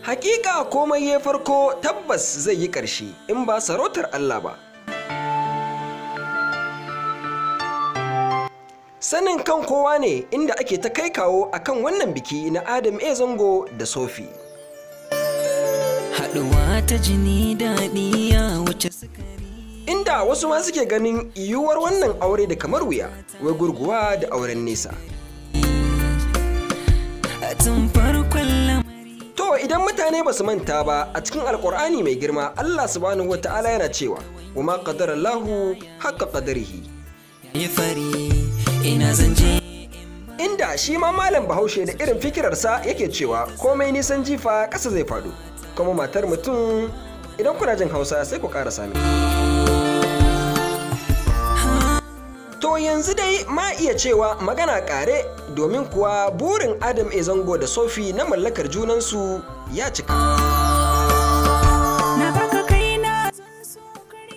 Hakika komai ya farko tabbas zai yi ƙarshe in ba sarautar Allah ba. Sanin kan kowa ne inda ake ta kai kawo akan wannan biki na Adam A. Zango da Sofi. Haɗuwa ta jini daɗi ya wuce sukari. da wasu ma suke ganin yiwuwar wannan aure da kamar wuya wai gurguwa da auren nesa to idan mutane ba su manta ba a cikin alkur'ani mai girma allah subhanahu wata'ala yana cewa wa ma qadarallahu haqqa qadarihi inda shi ma malam bahaushe da irin fikirarsa yake cewa komai nisan jifa ƙasa zai faɗo kuma matar mutum idan kuna jin hausa sai ku ƙara sami. To yanzu dai ma iya cewa magana ƙare domin kuwa burin Adam Ezango da Sofi na mallakar junansu ya cika.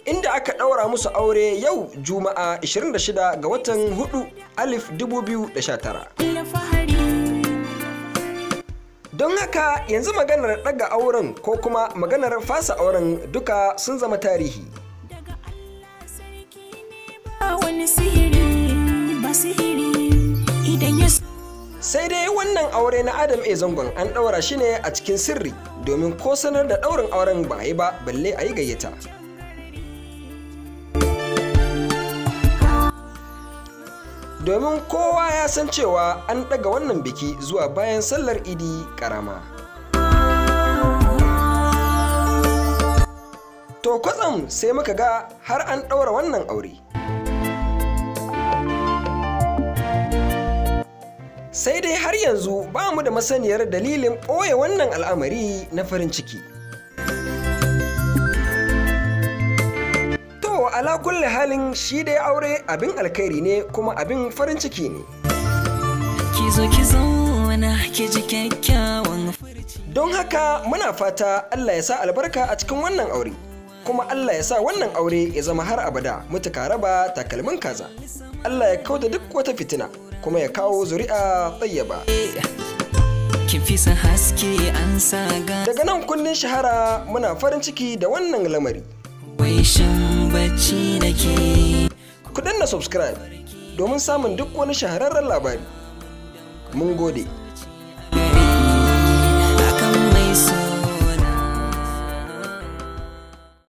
Inda aka ɗaura musu aure yau Juma'a 26 ga watan 4 alif 2019. don haka yanzu maganar ɗaga auren ko kuma maganar fasa auren duka sun zama tarihi sai dai wannan aure na adam e zangon an ɗaura shi ne a cikin sirri domin ko sanar da ɗaurin auren ba a yi ba balle a yi gayyata domin kowa ya san cewa an ɗaga wannan biki zuwa bayan sallar idi karama to kwatsam sai muka ga har an ɗaura wannan aure sai dai har yanzu ba mu da masaniyar dalilin ɓoye wannan al'amari na farin ciki. To, ala kulle halin shi dai aure abin alkhairi ne kuma abin farin ciki ne. Don haka muna fata Allah ya sa albarka a cikin wannan aure, kuma Allah ya sa wannan aure ya zama har abada mutu raba takalmin kaza. Allah ya kauda duk wata fitina. kuma ya kawo zuri'a tsayyaba. Daga nan kundin shahara muna farin ciki da wannan lamari. Ku danna subscribe domin samun duk wani shahararren labari. Mun gode.